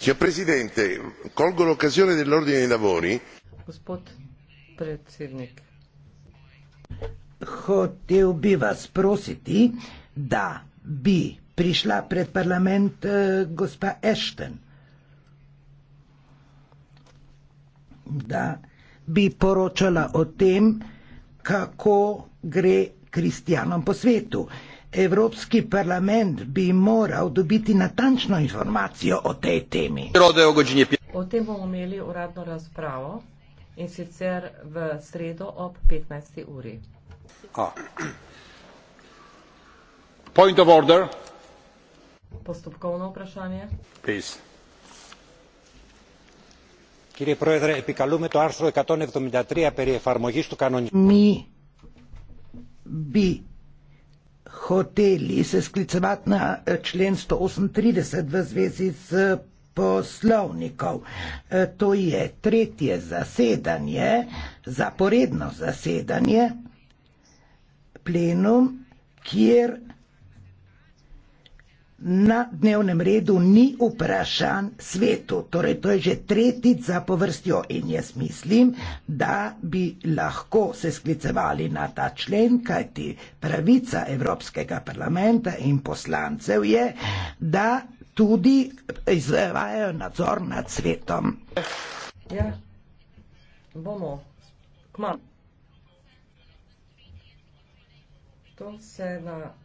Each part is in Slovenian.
signor presidente colgo l'occasione dell'ordine dei lavori hotel bi vas prositi da bi prišla pred parlament eh, gospa ashton da bi poročala o tem kako gre kristjanom po svetu. Evropski parlament bi moral dobiti natančno informacijo o tej temi. O tem bomo imeli uradno razpravo in sicer v sredo ob 15. uri. A. Point of order. Postopkovno vprašanje. Please. Kire proedre, epikalume to arstro 173 peri efarmogis tu kanonik. Mi bi hoteli se sklicevati na člen 138 v zvezi s poslovnikov. E, to je tretje zasedanje, zaporedno zasedanje, plenum, kjer na dnevnem redu ni vprašan svetu. Torej, to je že tretjič za povrstjo in jaz mislim, da bi lahko se sklicevali na ta člen, kajti pravica Evropskega parlamenta in poslancev je, da tudi izvajajo nadzor nad svetom. Ja, bomo. Kmalo. To se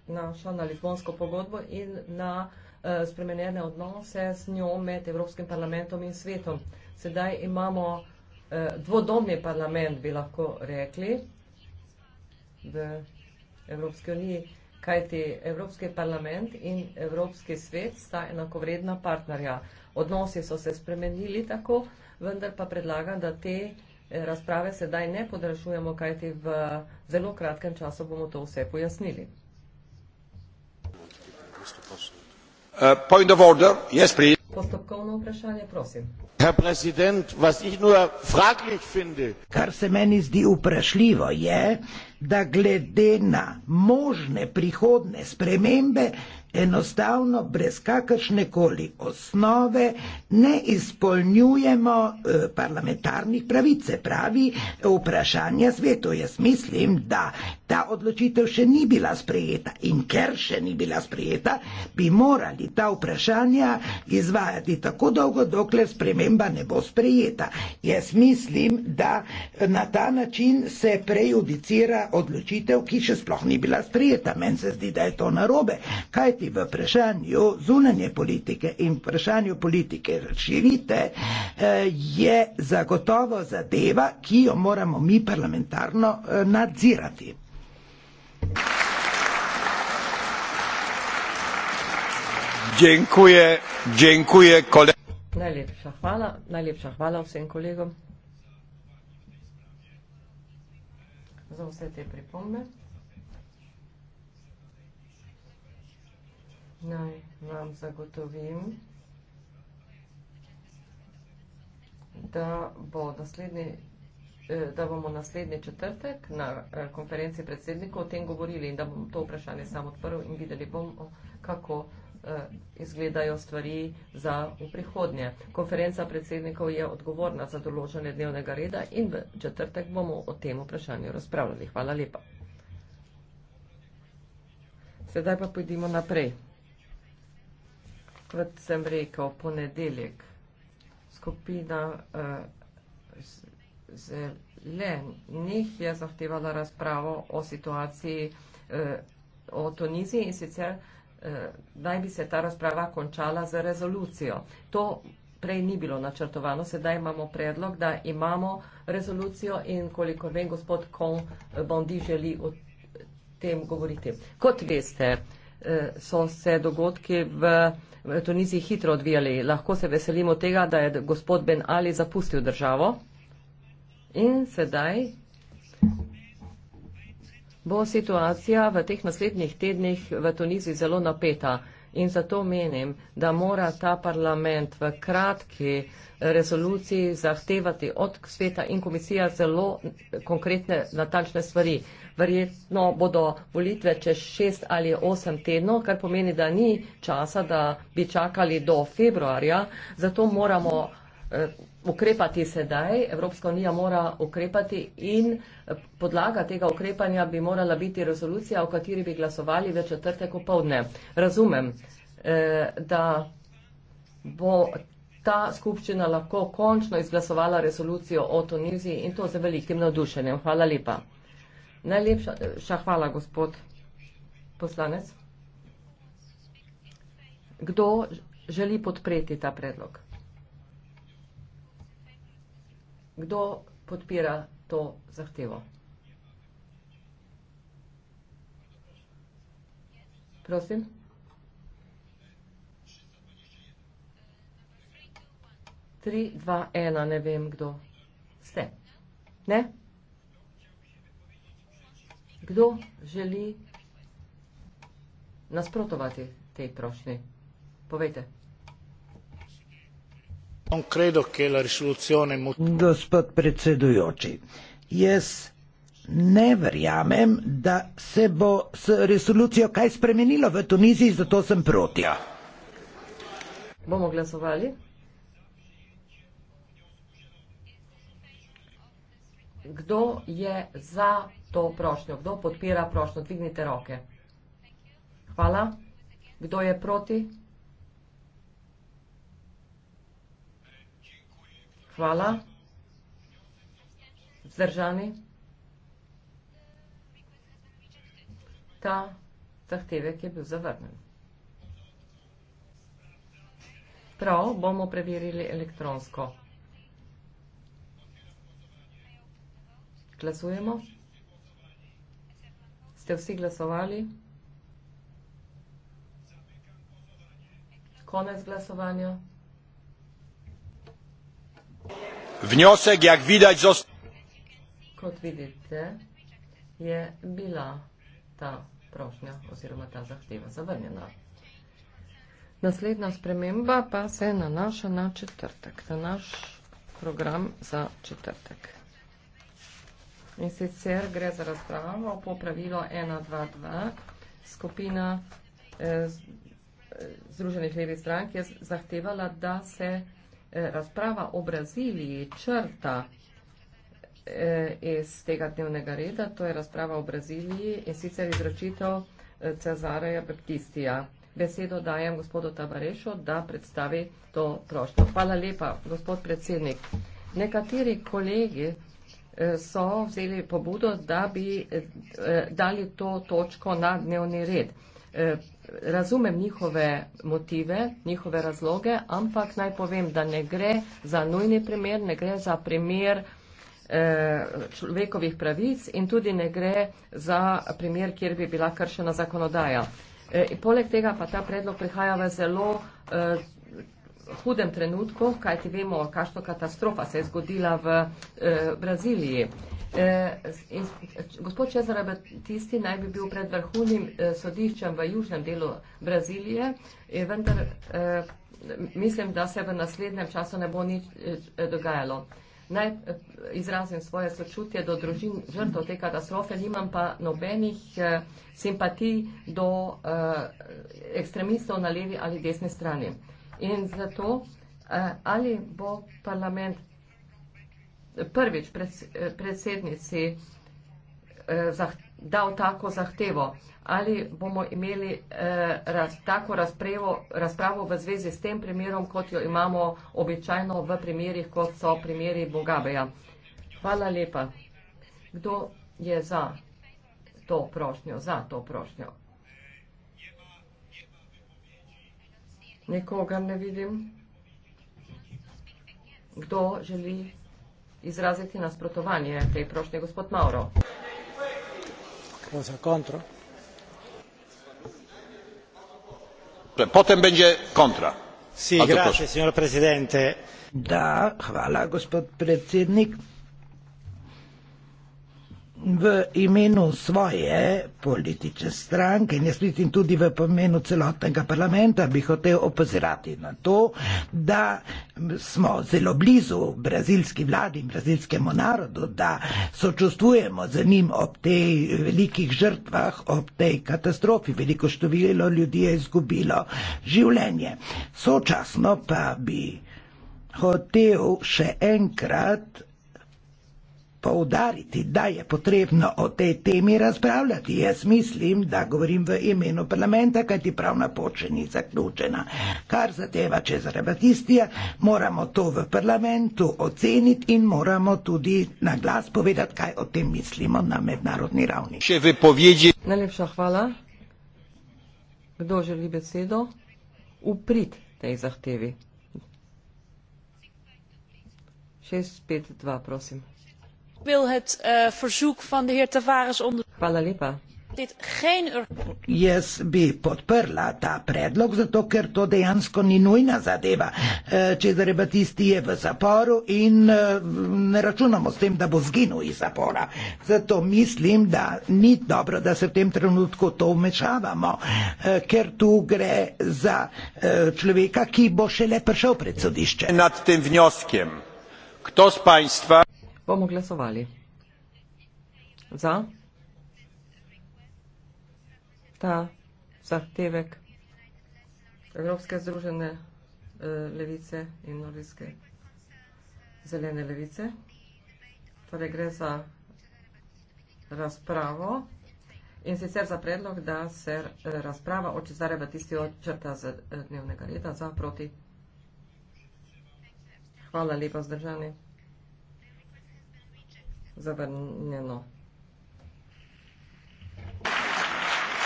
nanaša na Lizbonsko pogodbo in na uh, spremenjene odnose s njo med Evropskim parlamentom in svetom. Sedaj imamo uh, eh, dvodomni parlament, bi lahko rekli, v Evropski uniji, kajti Evropski parlament in Evropski svet sta enakovredna partnerja. Odnosi so se spremenili tako, vendar pa predlagam, da te razprave sedaj ne podražujemo, kajti v zelo kratkem času bomo to vse pojasnili. Point of order, yes, please. Postopkovno vprašanje, prosim. Herr Präsident, was ich nur fraglich finde, kar se meni zdi vprašljivo, je, da glede na možne prihodne spremembe enostavno brez kakršne koli osnove ne izpolnjujemo eh, parlamentarnih pravice. Pravi eh, vprašanja svetu. Jaz mislim, da ta odločitev še ni bila sprejeta in ker še ni bila sprejeta, bi morali ta vprašanja izvajati tako dolgo, dokler sprememba ne bo sprejeta. Jaz mislim, da eh, na ta način se prejudicira odločitev, ki še sploh ni bila sprijeta. Meni se zdi, da je to narobe, kaj ti v vprašanju zunanje politike in vprašanju politike razširite eh, je zagotovo zadeva, ki jo moramo mi parlamentarno eh, nadzirati. Dziękuję, dziękuję kolegom. Najlepsza chwała, najlepsza chwała wszystkim kolegom. za vse te pripombe. Naj vam zagotovim, da bo naslednji eh, da bomo naslednji četrtek na eh, konferenci predsednikov o tem govorili in da bom to vprašanje sam odprl in videli bomo, kako Eh, izgledajo stvari za v prihodnje. Konferenca predsednikov je odgovorna za določanje dnevnega reda in v četrtek bomo o tem vprašanju razpravljali. Hvala lepa. Sedaj pa pojdimo naprej. Kot sem rekel, ponedeljek skupina uh, zelenih je zahtevala razpravo o situaciji uh, o Tuniziji in sicer Eh, naj bi se ta razprava končala z rezolucijo. To prej ni bilo načrtovano, sedaj imamo predlog, da imamo rezolucijo in kolikor vem, gospod Kong eh, Bondi želi o tem govoriti. Kot veste, eh, so se dogodki v Tuniziji hitro odvijali. Lahko se veselimo tega, da je gospod Ben Ali zapustil državo. In sedaj bo situacija v teh naslednjih tednih v Tunizi zelo napeta. In zato menim, da mora ta parlament v kratki rezoluciji zahtevati od sveta in komisija zelo konkretne, natančne stvari. Verjetno bodo volitve čez šest ali osem tednov, kar pomeni, da ni časa, da bi čakali do februarja. Zato moramo Eh, ukrepati sedaj, Evropska unija mora ukrepati in eh, podlaga tega ukrepanja bi morala biti rezolucija, o kateri bi glasovali v četrtek popovdne. Razumem, eh, da bo ta skupščina lahko končno izglasovala rezolucijo o Tuniziji in to z velikim navdušenjem. Hvala lepa. Najlepša hvala, gospod poslanec. Kdo želi podpreti ta predlog? Kdo podpira to zahtevo? Prosim. Tri, dva, ena, ne vem, kdo ste. Ne? Kdo želi nasprotovati tej prošnji? Povejte. Gospod predsedujoči, jaz ne verjamem, da se bo s resolucijo kaj spremenilo v Tuniziji, zato sem proti. Ja. Bomo glasovali? Kdo je za to prošnjo? Kdo podpira prošnjo? Dvignite roke. Hvala. Kdo je proti? Hvala. Zdržani. Ta zahtevek je bil zavrnen. Prav, bomo preverili elektronsko. Glasujemo. Ste vsi glasovali? Konec glasovanja. Wniosek, jak widać, został... Kot widzicie, je bila ta prośnia, oziroma ta zahtiva zavrnjena. Naslednja sprememba pa se nanaša na četrtek, na naš program za četrtek. In sicer gre za razpravo po pravilo 1.2.2. Skupina eh, eh, Združenih levih strank je zahtevala, da se nanaša Eh, razprava o Braziliji črta eh, iz tega dnevnega reda, to je razprava o Braziliji in sicer izročitev eh, Cezareja Baptistija. Besedo dajem gospodu Tavarešu, da predstavi to prošlo. Hvala lepa, gospod predsednik. Nekateri kolegi so vzeli pobudo, da bi dali to točko na dnevni red. E, razumem njihove motive, njihove razloge, ampak naj povem, da ne gre za nujni primer, ne gre za primer e, človekovih pravic in tudi ne gre za primer, kjer bi bila kršena zakonodaja. E, poleg tega pa ta predlog prihaja v zelo hudem trenutku, kajti vemo, kakšna katastrofa se je zgodila v eh, Braziliji. Eh, gospod Čezar Batisti naj bi bil pred vrhunim eh, sodiščem v južnem delu Brazilije, vendar mislim, da se v naslednjem času ne bo nič dogajalo. Naj izrazim svoje sočutje do družin žrtov te katastrofe, nimam pa nobenih simpatij do ekstremistov na levi ali desni strani. In zato, eh, ali bo parlament prvič eh, predsednici eh, dal tako zahtevo, ali bomo imeli tako razprevo, razpravo v zvezi s tem primerom, kot jo imamo običajno v primerih, kot so primeri Bogabeja. Hvala lepa. Kdo je za to prošnjo? Za to prošnjo. Nikogar ne vidim. Kdo želi izraziti nasprotovanje tej prošnje? Gospod Mauro. Za kontro. Potem bude kontra. Si, grazie, signor presidente. Da, hvala, gospod predsednik v imenu svoje politične stranke in jaz mislim tudi v pomenu celotnega parlamenta bi hotel opozirati na to, da smo zelo blizu brazilski vladi in brazilskemu narodu, da sočustvujemo z njim ob tej velikih žrtvah, ob tej katastrofi. Veliko število ljudi je izgubilo življenje. Sočasno pa bi hotel še enkrat poudariti, da je potrebno o tej temi razpravljati. Jaz mislim, da govorim v imenu parlamenta, kajti pravna poče ni zaključena. Kar zateva čez rebatistija, moramo to v parlamentu oceniti in moramo tudi na glas povedati, kaj o tem mislimo na mednarodni ravni. Še vypovedi. Najlepša hvala. Kdo želi besedo? Uprit tej zahtevi. 652, prosim wil het uh, verzoek van de heer Tavares onderzoeken. Dit geen yes, bi podprla ta predlog, zato ker to dejansko ni nujna zadeva. Eh, Čezare Batisti je v zaporu in eh, ne računamo s tem, da bo zginil iz zapora. Zato mislim, da ni dobro, da se v tem trenutku to vmešavamo, ker tu gre za človeka, ki bo šele prišel pred sodišče. Nad tem vnjoskem, kdo spajstva? Bomo glasovali. Za ta zahtevek Evropske združene eh, levice in Nordijske zelene levice. Torej gre za razpravo in sicer za predlog, da se eh, razprava o Cezare Batisti odčrta z eh, dnevnega reda za proti. Hvala lepa, zdržani zawarniono.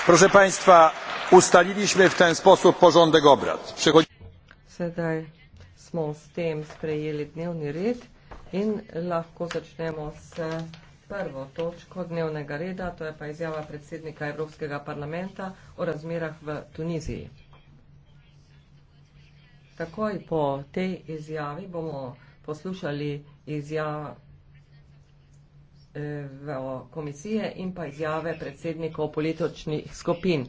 Proszę Państwa, ustaliliśmy w ten sposób porządek obrad. Przechodzimy. z tym przyjęli dnevny red i lahko zaczniemy z prvo točko dnevnega reda, to je pa izjava predsednika Evropskega parlamenta o razmerah v Tuniziji. Takoj po tej izjavi bomo poslušali izjavo Eh, komisije in pa izjave predsednikov političnih skupin.